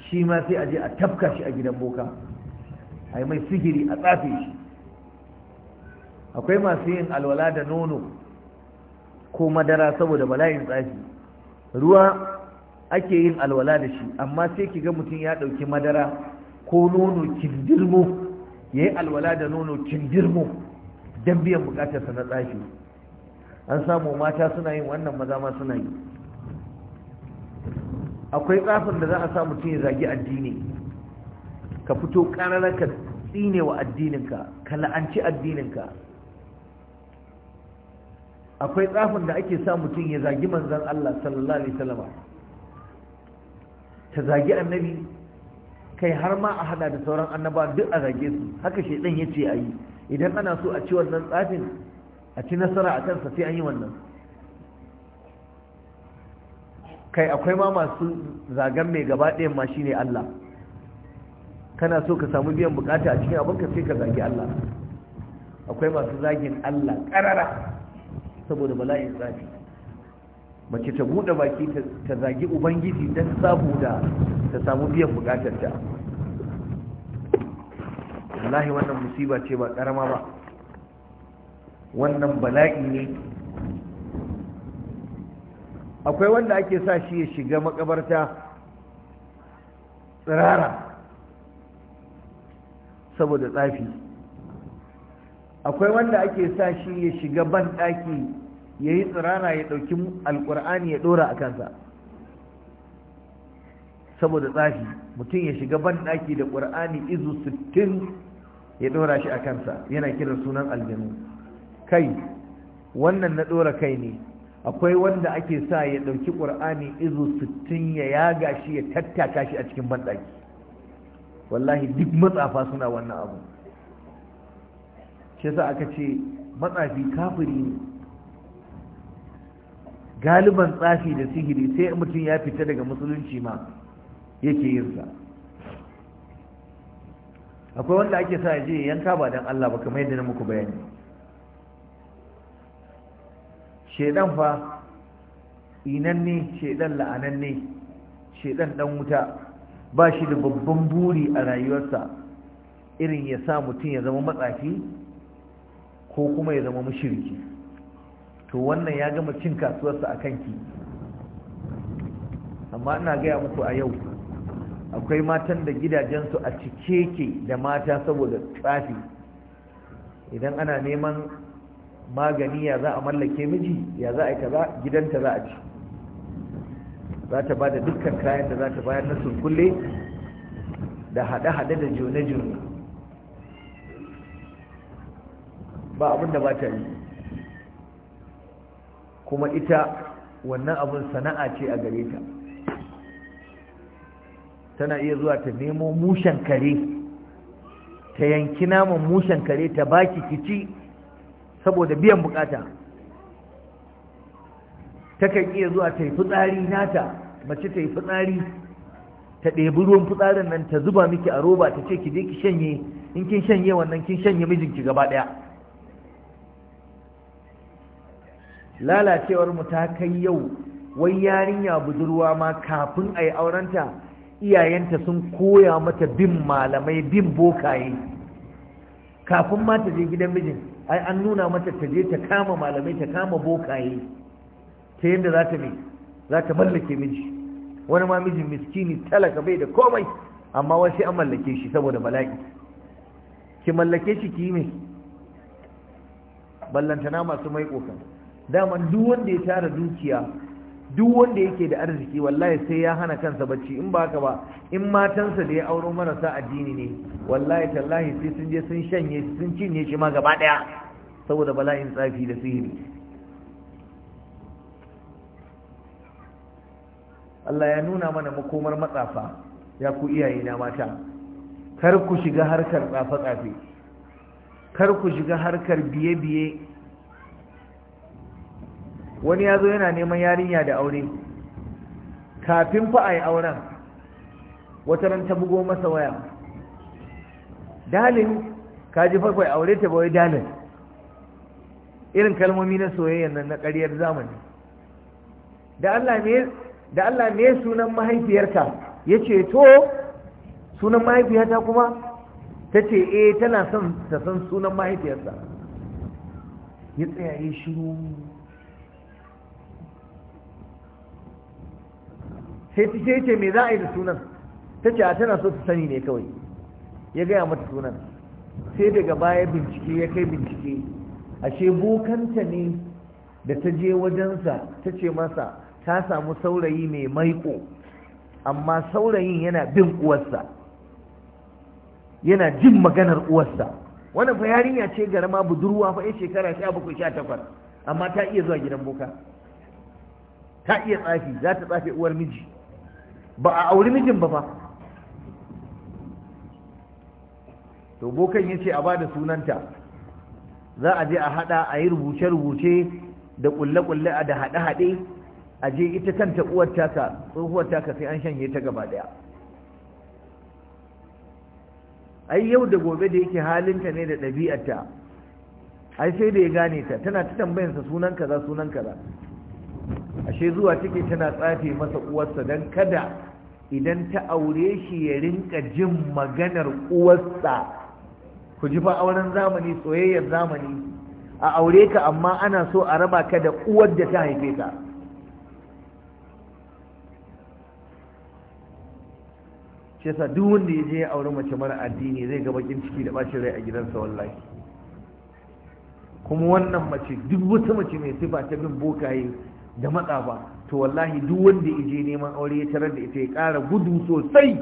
shi ma sai a je a tafka shi a gidan boka a yi mai sigiri a tsafe shi akwai masu yin alwala da nono ko madara saboda bala'in tsafi ruwa ake yin alwala da shi amma sai ki ga mutum ya ɗauki madara ko nono kindirmo ya yi alwala da nono kindirmo don biyan bukatarsa na tsafi an samu mata suna yin wannan maza ma suna yi akwai tsafin da za a samu mutum ya zagi addini ka fito ƙararra ka tsine wa addininka ka la'anci addininka akwai tsafin da ake sa mutum ya zagi manzan Allah sallallahu alaihi ta zagi annabi kai har ma a hada da sauran annaba duk a zage su haka ce a yi. idan ana so a ci wannan tsafin a ci nasara a kansa sai an yi wannan kai akwai ma masu zagan mai gaba ɗayan ma shine Allah kana so ka samu biyan bukata a cikin abinka sai ka zagi Allah akwai masu zagin Allah ƙarara saboda bala'in zafi mace ta buɗe baki ta zagi ubangiji don saboda ta samu biyan ta wallahi wannan musiba ce ba ƙarama ba wannan bala'i ne akwai wanda ake sa shi ya shiga makabarta tsirara saboda tsafi akwai wanda ake sa shi ya shiga ban ya yi tsirara ya ɗauki alƙur'ani ya ɗora a kansa saboda tsafi mutum ya shiga ban da ƙur'ani izu sittin ya ɗora shi a kansa yana kiran sunan aljanu kai wannan na ɗora kai ne akwai wanda ake sa ya ɗauki ƙur'ani izu sittin ya yaga shi ya tattaka shi a cikin banɗaki wallahi duk matsafa suna wannan abu shi aka ce matsafi kafiri ne galiban tsafi da sihiri sai mutum ya fita daga musulunci ma yake yinsa akwai wanda ake sa ya je yanka ba don Allah ba kamar yadda na muku bayani shedan fa inanne shedan ne? shedan dan wuta ba shi da babban buri a rayuwarsa irin ya sa mutum ya zama matsafi ko kuma ya zama mashirki to wannan ya gama cin kasuwarsa a kanki amma ina gaya muku a yau akwai matan da gidajensu a cike ke da mata saboda tsafi idan ana neman magani ya za a mallake miji ya za a yi kaza gidanta za a ci za ta ba da dukkan kayan da za ta bayar na sunkulle da haɗe-haɗe da jone-jone ba abin da ba ta yi kuma ita wannan abin sana'a ce a gare ta tana iya zuwa ta nemo mushen kare ta yanki naman mushen kare ta baki kici saboda biyan bukata takan iya zuwa ta yi fitsari nata mace ta yi fitsari ta ɗebi ruwan fitsarin nan ta zuba miki a roba ta ce ki je ki shanye in kin shanye wannan kin shanye mijinki gaba ɗaya lalacewar mu ta kai yau wai yarinya budurwa ma kafin a yi aurenta iyayenta sun koya mata bin malamai bin bokaye kafin ma ta je gidan mijin ai an nuna mata ta je ta kama malamai ta kama bokaye ta yadda za ta za ta mallake miji wani ma mijin miskini talaka bai da komai amma wasu sai an mallake shi saboda bala'i ki mallake shi ki yi mai ballantana masu mai kokan daman duk wanda ya tara dukiya duk wanda yake da arziki wallahi sai ya hana kansa bacci in ba haka ba in matansa da ya auro marasa addini ne wallahi tallahi sai sun je sun shanye sun cinye shi ma gaba daya saboda bala'in tsafi da sihiri Allah ya nuna mana makomar matsafa ya ku iyaye na mata kar ku shiga harkar tsafe-tsafe kar ku shiga harkar biye-biye wani ya zo yana neman yarinya da aure kafin fa a auren wata ran ta bugo masa waya dalin ka ji aure ta bawai dalin irin kalmomi na soyayya nan na ƙaryar zamani da Allah ne sunan mahaifiyarka ya ce to sunan mahaifiyarta kuma ta ce eh tana son ta san sunan mahaifiyarsa ya tsayaye shiru sai ta ce me za a yi da sunan ta ce a tana so ta sani ne kawai ya gaya mata sunan sai daga baya bincike ya kai bincike ashe bokanta ne da ta je wajensa ta ce masa ta samu saurayi mai maiko amma saurayin yana bin uwarsa yana jin maganar uwarsa wani fa yarinya ce garama budurwa fa shekara sha bakwai sha takwas amma ta iya zuwa gidan boka ta iya tsafi za ta tsafe uwar miji ba a auri mijin ba ba to bokan ya ce a ba da sunanta za a je a hada a yi rubuce-rubuce da kulle-kulle da hade-hade a je ita kanta uwar taka tsohuwar taka sai an shanye ta gaba daya ai yau da gobe da yake halinta ne da ɗabi'arta ai sai da ya gane ta tana ta tambayansa sunan kaza sunan kaza ashe zuwa take tana tsafe masa uwarsa dan kada idan ta aure shi ya rinka jin maganar uwarsa ku ji fa auren zamani soyayyar zamani a aure ka amma ana so a raba ka da uwar da ta haife ka shi sa duk wanda ya je aure mace mara addini zai ga bakin ciki da bacin rai a gidansa wallahi kuma wannan mace duk wata mace mai sifa ta bin bokaye da matsa ba to wallahi duk wanda ya je neman aure ya tarar da ita ya kara gudu sosai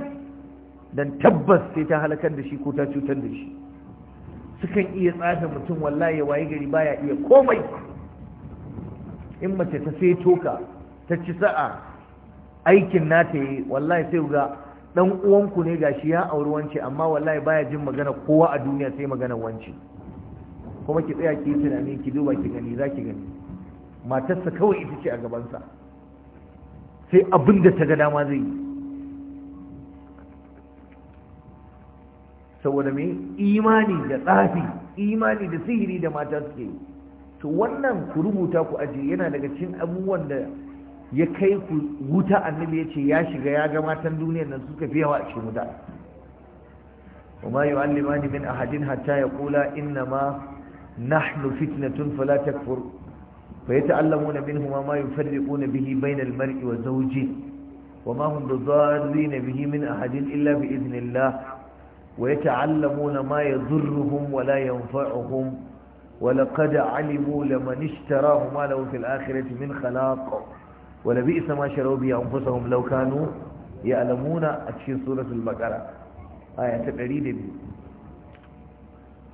dan tabbas sai ta halakar da shi ko ta cutar da shi sukan iya tsada mutum wallahi ya waye gari baya iya komai in mace ta sai toka ta ci sa'a aikin nata yi wallahi sai ga dan uwanku ne gashi ya auri wance amma wallahi baya jin magana kowa a duniya sai magana wance kuma ki tsaya ki tunani ki duba ki gani za ki gani matarsa kawai ita ce a gabansa sai abin da ta ga dama zai yi saboda mai imani da tsafi imani da sihiri da mata suke to wannan ku rubuta ku aji yana daga cikin abubuwan da ya kai ku wuta annabi ya ce ya shiga ya ga matan duniyar nan suka fi yawa a cikin wuta وما يعلمان من أحد حتى يقولا إنما نحن فتنة فلا تكفر فيتعلمون منهما ما يفرقون به بين المرء وزوجه وما هم بضارين به من أحد إلا بإذن الله ويتعلمون ما يضرهم ولا ينفعهم ولقد علموا لمن اشتراه ما له في الآخرة من خلاق ولبئس ما شروا به أنفسهم لو كانوا يعلمون أتشين سورة البقرة آية تقريد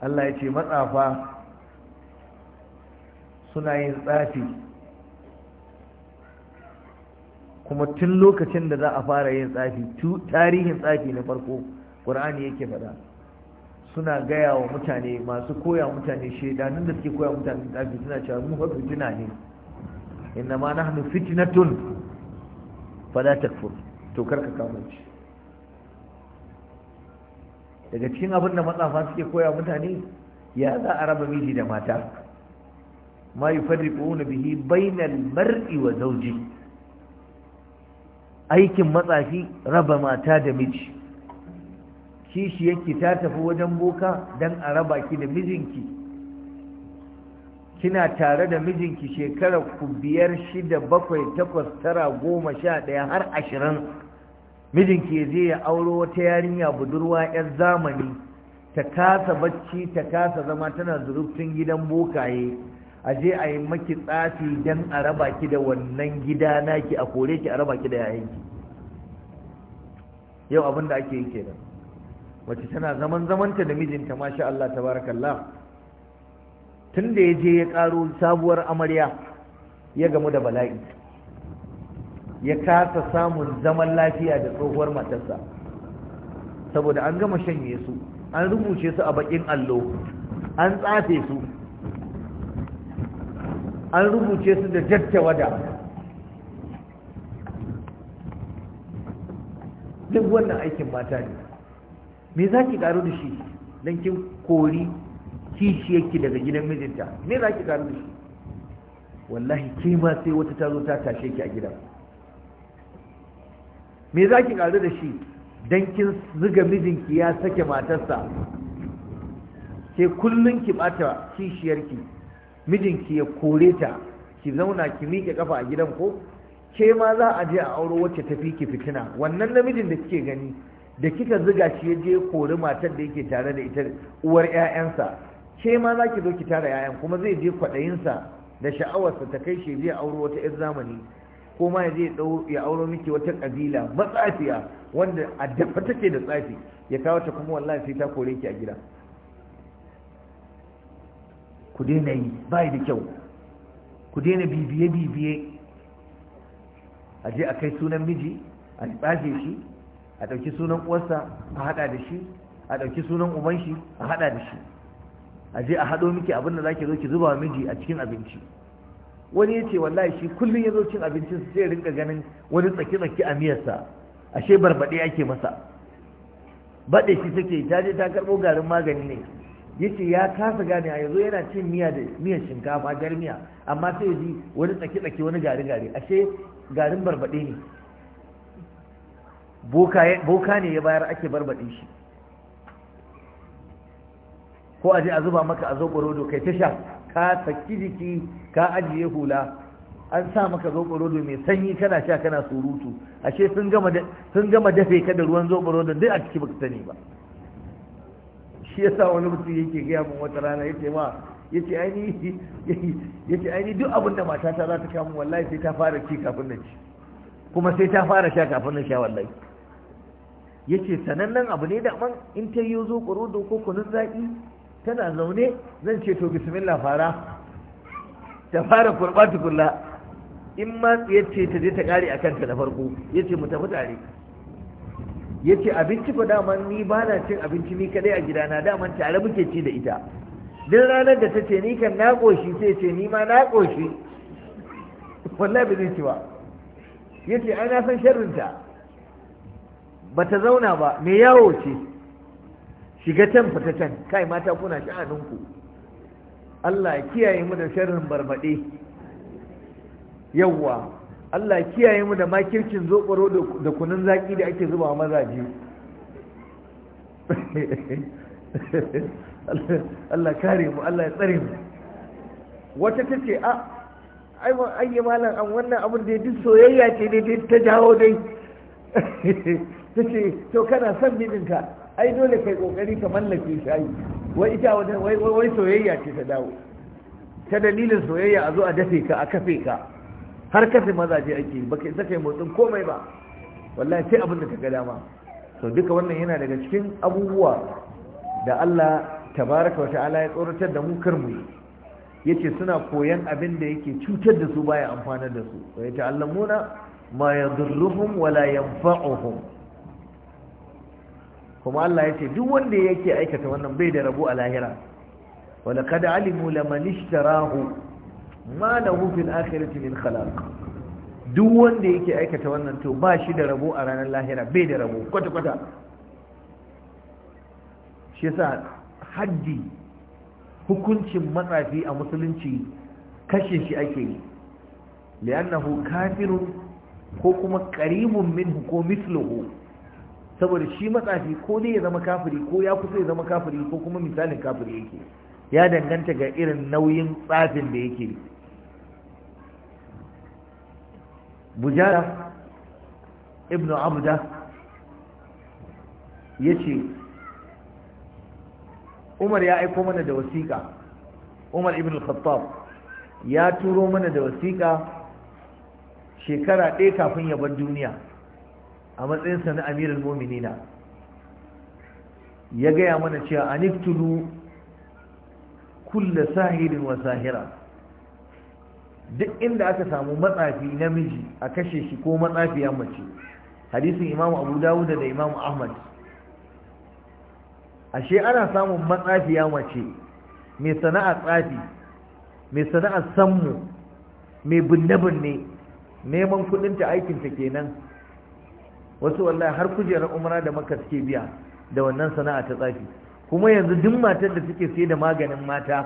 الله يتي مطعفة suna yin tsafi kuma tun lokacin da za a fara yin tsafi tarihin tsafi na farko ƙur'ani yake fada suna gaya wa mutane masu koya mutane shaidanun da suke koya mutane tsafi suna cewa mu fa fitina ne inda ma na nahnu fitnatun fala takfur to karka kama shi daga cikin abin da matsafa suke koya mutane ya za a raba miji da mata ما يفرقون bihi بين المرء wa aikin matsafi raba mata da miji kishi yake ta tafi wajen boka dan a raba ki da mijinki kina tare da mijinki shekarar ku biyar shida bakwai takwas tara goma sha ɗaya har ashirin mijinki ya je ya auro wata yarinya budurwa 'yar zamani ta kasa bacci ta kasa zama tana zurubtun gidan bokaye a je a yi maki tsafi don a raba ki da wannan gida naki a kore ki a raba ki da yayanki yau abin da ake yi kenan wacce tana zaman zamanta da mijinta masha Allah tabarakallah tun da ya je ya karo sabuwar amarya ya gamu da bala'i ya kasa samun zaman lafiya da tsohuwar matarsa saboda an gama shanye su an rubuce su a bakin allo an tsafe su an rubuce su da jattawada duk wannan aikin mata ne me za ki karu da shi don kin kori kishiyarki daga gidan mijinta me za ki karu da shi wallahi ke ma sai wata ta zo ta tashe ki a gidan me za ki karu da shi don kin zuga mijinki ya sake matarsa ke kullum ki bata kishiyarki mijinki ya kore ta ki zauna ki miƙe kafa a gidan ko ke ma za a je a auro wacce tafi ki fitina wannan namijin da kike gani da kika ziga shi ya je kori matar da yake tare da ita uwar ƴaƴansa ke ma za ki zo ki tara ƴaƴan kuma zai je kwaɗayinsa da sha'awarsa ta kai shi zai auro wata 'yar zamani ko ma ya je ya auro miki wata ƙabila matsafiya wanda a dafa take da tsafi ya kawo ta kuma wallahi sai ta kore ki a gida ku daina yi bai da kyau ku daina bibiye-bibiye a je a kai sunan miji a ɓace shi a ɗauki sunan uwarsa a haɗa da shi a ɗauki sunan uban shi a haɗa da shi a je a haɗo miki abin da ki zo ki zuba miji a cikin abinci wani ya ce wallahi shi kullum ya zo cin abincin su sai rinka ganin wani tsaki-tsaki a miyarsa ashe barbaɗe ake masa baɗe shi take ta je ta karɓo garin magani ne yace ya kasa gane a yanzu yana cin miya da miyar shinkafa gar miya amma sai ji wani tsaki tsaki wani gari gari ashe garin barbade ne boka ne ya bayar ake barbade shi ko a je a zuba maka a rodo kai ta sha ka saki jiki ka ajiye hula an sa maka rodo mai sanyi kana sha kana surutu ashe sun gama dafe ka da ruwan rodo duk a ciki baka sani ba shi yasa wani mutum yake gaya min wata rana yace ma yace aini yace ainihi duk abin da matata za ta kamu wallahi sai ta fara ci kafin na ci kuma sai ta fara sha kafin na sha wallahi yace sanannen abu ne da man in ta yi zo kurudu ko kunun zaki tana zaune zan ce to bismillah fara ta fara kurba kullah in ma yace ta je ta kare akan ta da farko yace mu tafi tare ya ce abinci ko daman ni ba na cin abinci ni kadai a gidana daman tare muke ci da ita duk ranar da ta ce ni kan na ƙoshi sai ce ni ma na ƙoshi wallahi ba ci ba ya ce ai na san sharrinta ba ta zauna ba mai yawo ce shiga can fita can kai mata kuna sha'aninku Allah ya kiyaye mu da sharrin barbaɗe yawwa Allah kiyaye mu da makircin zoɓaro da kunun zaƙi da ake zuba mazaje Allah kare mu Allah ya tsare mu wata ta ce ah, a yi malam an wannan abin da ya duk soyayya ce dai ta jawo dai ta ce to kana son mijinka ai dole kai kokari ka mallake shi wai ita wajen wai soyayya ce ta dawo ta dalilin soyayya a zo a dafe ka a kafe ka har kasi mazaje ake baka isa kai motsin komai ba wallahi sai abin da ka ga ma. to duka wannan yana daga cikin abubuwa da Allah tabaraka wata'ala ya tsoratar da mu kar mu yace suna koyan abin da yake cutar da su baya amfanar da su wa yata'allamuna ma yadurruhum wa la yanfa'uhum kuma Allah yace duk wanda yake aikata wannan bai da rabo a lahira wa laqad alimu lamanishtarahu ma hufin hufin akhirati min khalaq duk wanda yake aikata wannan to ba shi da rabo a ranar lahira bai da rabo kwata kwata shi yasa haddi hukuncin matsafi a musulunci kashe shi ake yi li'annahu kafirun ko kuma qaribun minhu ko saboda shi matsafi ko dai ya zama kafiri ko ya kusa ya zama kafiri ko kuma misalin kafiri yake ya danganta ga irin nauyin tsafin da yake bujara ibn abda ya ce umar ya aiko mana da wasiƙa umar ibn al-khattab ya turo mana da wasiƙa shekara ɗaya kafin ya bar duniya a matsayinsa na amirin mominina ya gaya mana cewa tulu kulle sahirin wa sahira duk inda aka samu matsafi namiji a kashe shi ko matsafiya mace hadisin imamu abu dawud da imamu ahmad ashe ana samun matsafiya mace mai sana'ar tsafi mai sana'ar sammu mai binne-binne neman kudinta aikinta kenan wasu wallahi har kujerar umara da maka suke biya da wannan sana'a ta tsafi kuma yanzu duk matar da suke sai da maganin mata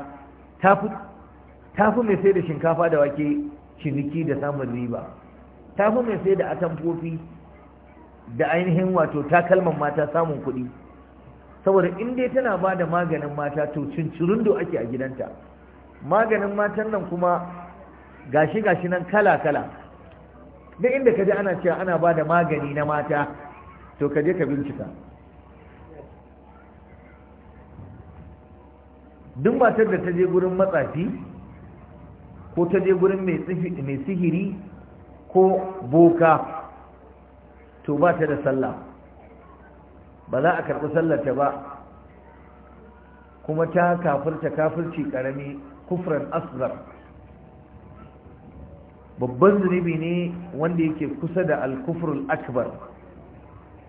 ta fi ta fi mai sai da shinkafa da wake ciniki da samun riba ta fi mai sai da atamfofi da ainihin wato takalman mata samun kuɗi saboda in dai tana ba da maganin mata to da ake a gidanta maganin matan nan kuma gashi gashi nan kala kala duk inda ka je ana cewa ana ba da magani na mata to ka je ka bincika duk matar da ta je gurin matsafi ko ta je gurin mai sihiri ko boka to ba ta da sallah ba za a karɓi ta ba kuma ta kafirta kafirci ƙarami kufran asgar babban zunubi ne wanda yake kusa da alkufrul akbar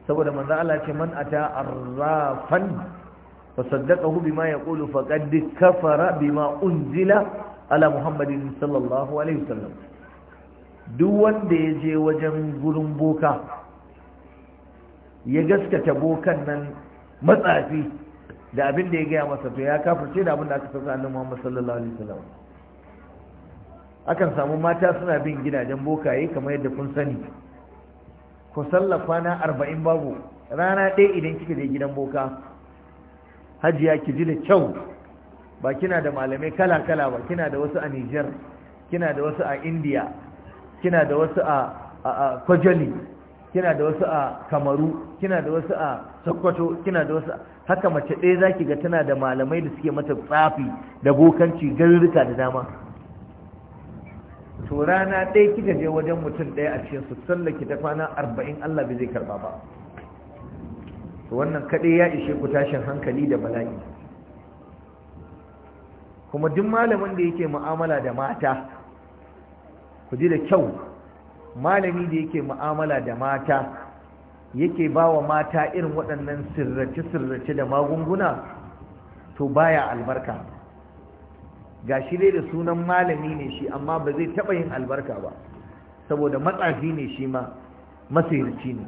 saboda manzo Allah ce man ata arrafan fasaddaqahu bima yaqulu faqad kafara bima unzila ala muhammadin sallallahu alaihi wasallam duk wanda ya je wajen gurin boka ya gaskata bokan nan matsafi da abin da ya gaya masa to ya kafirce da abin da aka sauka annabi muhammad sallallahu alaihi wasallam akan samu mata suna bin gidajen bokaye kamar yadda kun sani ku sallafa na arba'in babu rana ɗaya idan kika je gidan boka hajiya ki ji da kyau ba kina da malamai kala-kala ba kina da wasu a Niger kina da wasu a India kina da wasu a Kwajali kina da wasu a Kamaru kina da wasu a Sokoto kina da wasu haka mace ɗaya zaki ga tana da malamai da suke mata tsafi da bokanci garurruka da dama to rana ɗaya kika je wajen mutum ɗaya a cikin su ki ta kwana arba'in Allah bai zai karba ba to wannan kaɗai ya ishe ku tashin hankali da bala'i kuma duk malamin da yake mu'amala da mata ku ji da kyau malami da yake mu'amala da mata yake ba wa mata irin waɗannan sirrace-sirrace da magunguna to baya albarka ga shi dai da sunan malami ne shi amma ba zai taɓa yin albarka ba saboda matsafi ne shi ma masirci ne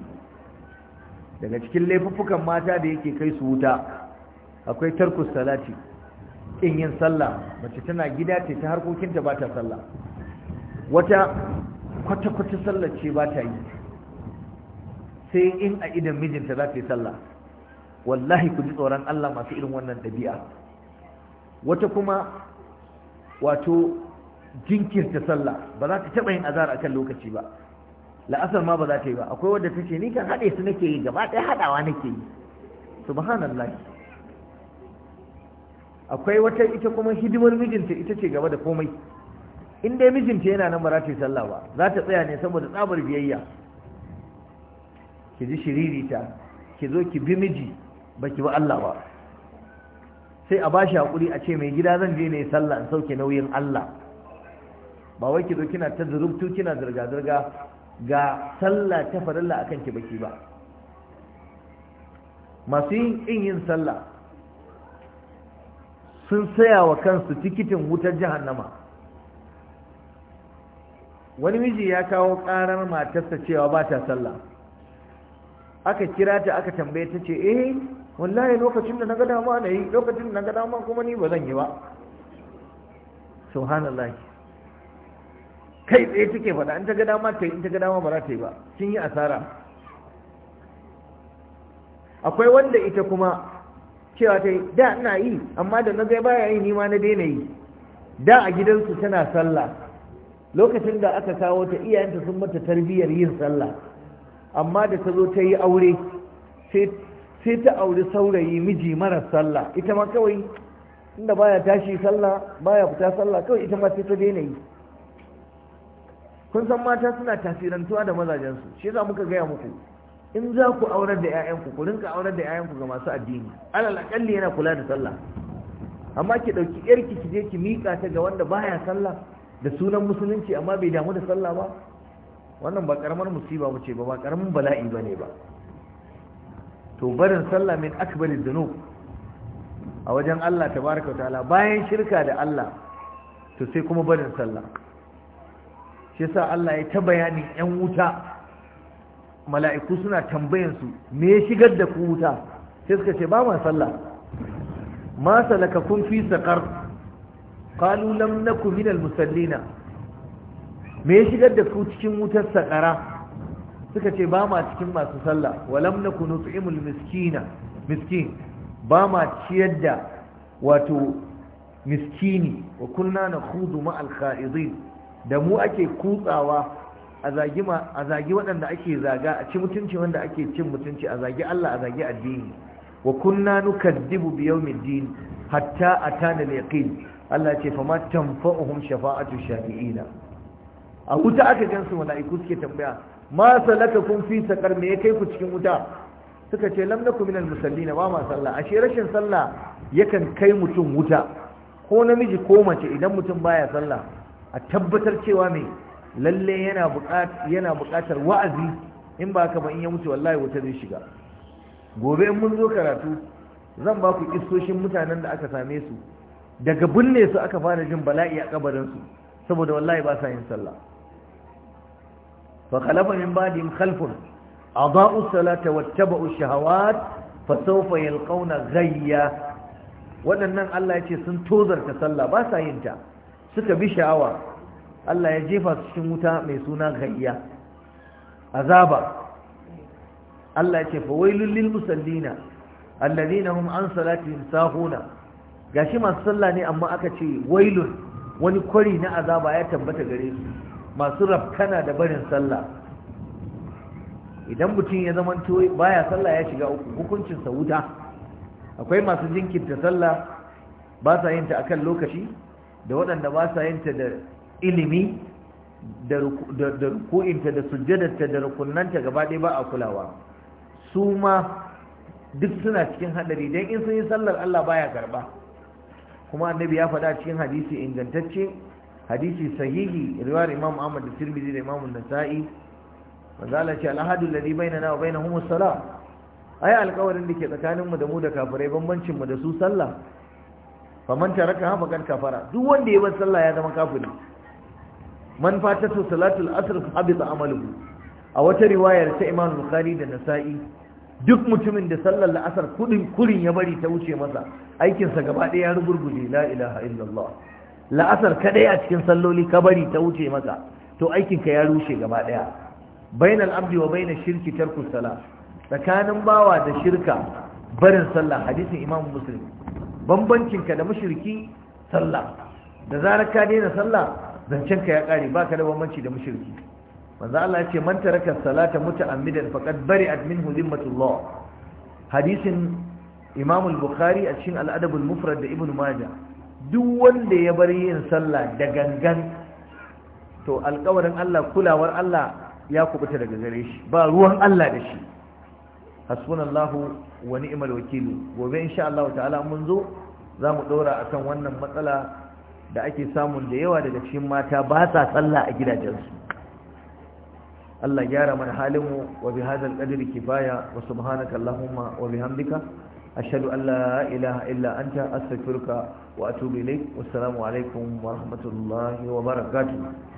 daga cikin laifuffukan mata da yake kai su wuta akwai tarkus salati in yin sallah mace tana gida ce ta harkokinta ba ta sallah wata kwata-kwata sallah ce ba ta yi sai in a idan mijinta za ta yi sallah wallahi ku ji tsoron Allah masu irin wannan ɗabi'a wata kuma wato jinkirta sallah ba za ta taɓa yin azar akan lokaci ba la'asar ma ba za ta yi ba akwai wadda ta ce ni kan haɗe su nake yi gaba ɗaya haɗawa nake yi subhanallah akwai wata ita kuma hidimar mijinta ita ce gaba da komai in dai mijinta yana nan ba za ta yi sallah ba za ta tsaya ne saboda tsabar biyayya ki ji shiririta ki zo ki bi miji ba ki bi Allah ba sai a bashi hakuri a ce mai gida zan je ne sallah in sauke nauyin Allah ba wai ki zo kina ta zurubtu kina zirga zirga ga sallah ta farilla akan ki baki ba masu yin yin sallah sun saya wa kansu tikitin wutar jahannama wani miji ya kawo karar matarsa cewa ba ta sallah aka kira ta aka tambaye ta ce eh wallahi lokacin da na ga dama na yi lokacin da na ga dama kuma ni ba zan yi ba subhanallah kai tsaye take faɗa in ta ga dama ta yi in ta ga dama ba za ta yi ba kin yi asara akwai wanda ita kuma cewa ta yi da ina yi amma da na zai baya yi nima na daina yi da a gidansu tana sallah lokacin da aka kawo ta iyayenta sun mata tarbiyyar yin sallah amma da ta zo ta yi aure sai ta auri saurayi miji mara sallah ita ma kawai inda baya tashi sallah baya fita sallah kawai ita ma sai ta daina yi kun san mata suna tasirantuwa da mazajensu shi za muka gaya muku in za ku aurar da 'ya'yanku ku rinka aurar da 'ya'yanku ga masu addini alal akalli yana kula da sallah amma ki ɗauki 'yarki ki je ki mika ta ga wanda baya sallah da sunan musulunci amma bai damu da sallah ba wannan ba karamar musiba ba ce ba ba karamin bala'i bane ba to barin sallah min akbarin zunub a wajen Allah tabaraka ta'ala bayan shirka da Allah to sai kuma barin sallah shi yasa Allah ya ta bayanin yan wuta mala'iku suna tambayan su me ya shigar da ku wuta sai suka ce ba mu sallah ma kun fi saqar qalu lam nakum min al musallina me ya shigar da ku cikin wutar saqara suka ce ba ma cikin masu sallah wa lam ku nut'imul miskina miskin ba ma ciyar da wato miskini wa kunna nakhudu ma al kha'idin da mu ake kutsawa a zagi waɗanda ake zaga a ci mutunci wanda ake cin mutunci a zagi Allah a zagi addini wa kunna nukaddibu bi din hatta atana al-yaqin Allah ce fa ma tanfa'uhum shafa'atu shafi'ina a wuta aka gansu mala'iku suke tambaya ma salakakum fi saqar me kai ku cikin wuta suka ce lam nakum minal musallina ba ma sallah ashe rashin sallah yakan kai mutum wuta ko namiji ko mace idan mutum baya sallah a tabbatar cewa mai lalle yana buƙatar wa'azi in ba ka ba in ya mutu wallahi wuta zai shiga gobe in mun zo karatu zan ba ku mutanen da aka same su daga binne su aka fara jin bala'i a kabarin saboda wallahi ba sa yin sallah fa khalafa min ba'dihim khalfun adaa'u salata wattaba'u shahawat fa sawfa yalqawna ghayya waɗannan Allah ya ce sun tozarta sallah ba sa yin ta suka bi sha'awa Allah ya jefa su cikin wuta mai suna gayya azaba Allah ya ce fa wailul lil musallina alladhina hum an salatihim sahuna gashi masu sallah ne amma aka ce wailun wani kwari na azaba ya tabbata gare su masu rafkana da barin sallah idan mutum ya zama baya sallah ya shiga uku sa wuta akwai masu jinkirta sallah ba sa yin ta akan lokaci da waɗanda ba sa yin ta da ilimi da ruku'inta da sujjadarta da rukunnanta gaba ɗaya ba a kulawa su ma duk suna cikin haɗari don in sun yi sallar Allah baya karɓa kuma annabi ya faɗa cikin hadisi ingantacce hadisi sahihi riwayar imam Ahmad da Tirmidhi da imam Nasa'i manzala ce alhadu ladhi bainana wa bainahum as-salah ai alƙawarin da ke tsakaninmu da mu da kafirai bambancin mu da su sallah faman taraka ha kafara duk wanda ya bar sallah ya zama kafiri man fatatu salatul asr habita amaluhu a wata riwayar ta Imam Bukhari da Nasa'i duk mutumin da sallar la'asar kudin kurin ya bari ta wuce masa aikinsa gaba ɗaya ya rugurguje la ilaha illallah la'asar kadai a cikin salloli ka bari ta wuce masa to aikinka ya rushe gaba ɗaya bainal abdi wa bainal shirki tarku tsakanin bawa da shirka barin sallah hadisin Imam Muslim bambancinka da mushriki sallah da zarar ka daina sallah zancen ka ya kare baka da bambanci da mushriki manzo Allah ce man taraka salata muta'ammidan faqad bari'at minhu zimmatullah hadisin Imam al-Bukhari a cikin al-Adab al-Mufrad da Ibn Majah duk wanda ya bar yin sallah da gangan to alƙawarin Allah kulawar Allah ya kubuta daga gare shi ba ruwan Allah da shi hasbunallahu wa ni'mal wakil gobe insha Allah ta'ala mun zo zamu dora akan wannan matsala da ake samun da yawa daga cikin mata ba sa tsalla a gidajensu Allah gyara mana halinmu wa bi hadzal qadri kifaya wa subhanaka allahumma wa bihamdika ashhadu an la ilaha illa anta astaghfiruka wa atubu wassalamu alaikum wa rahmatullahi wa barakatuh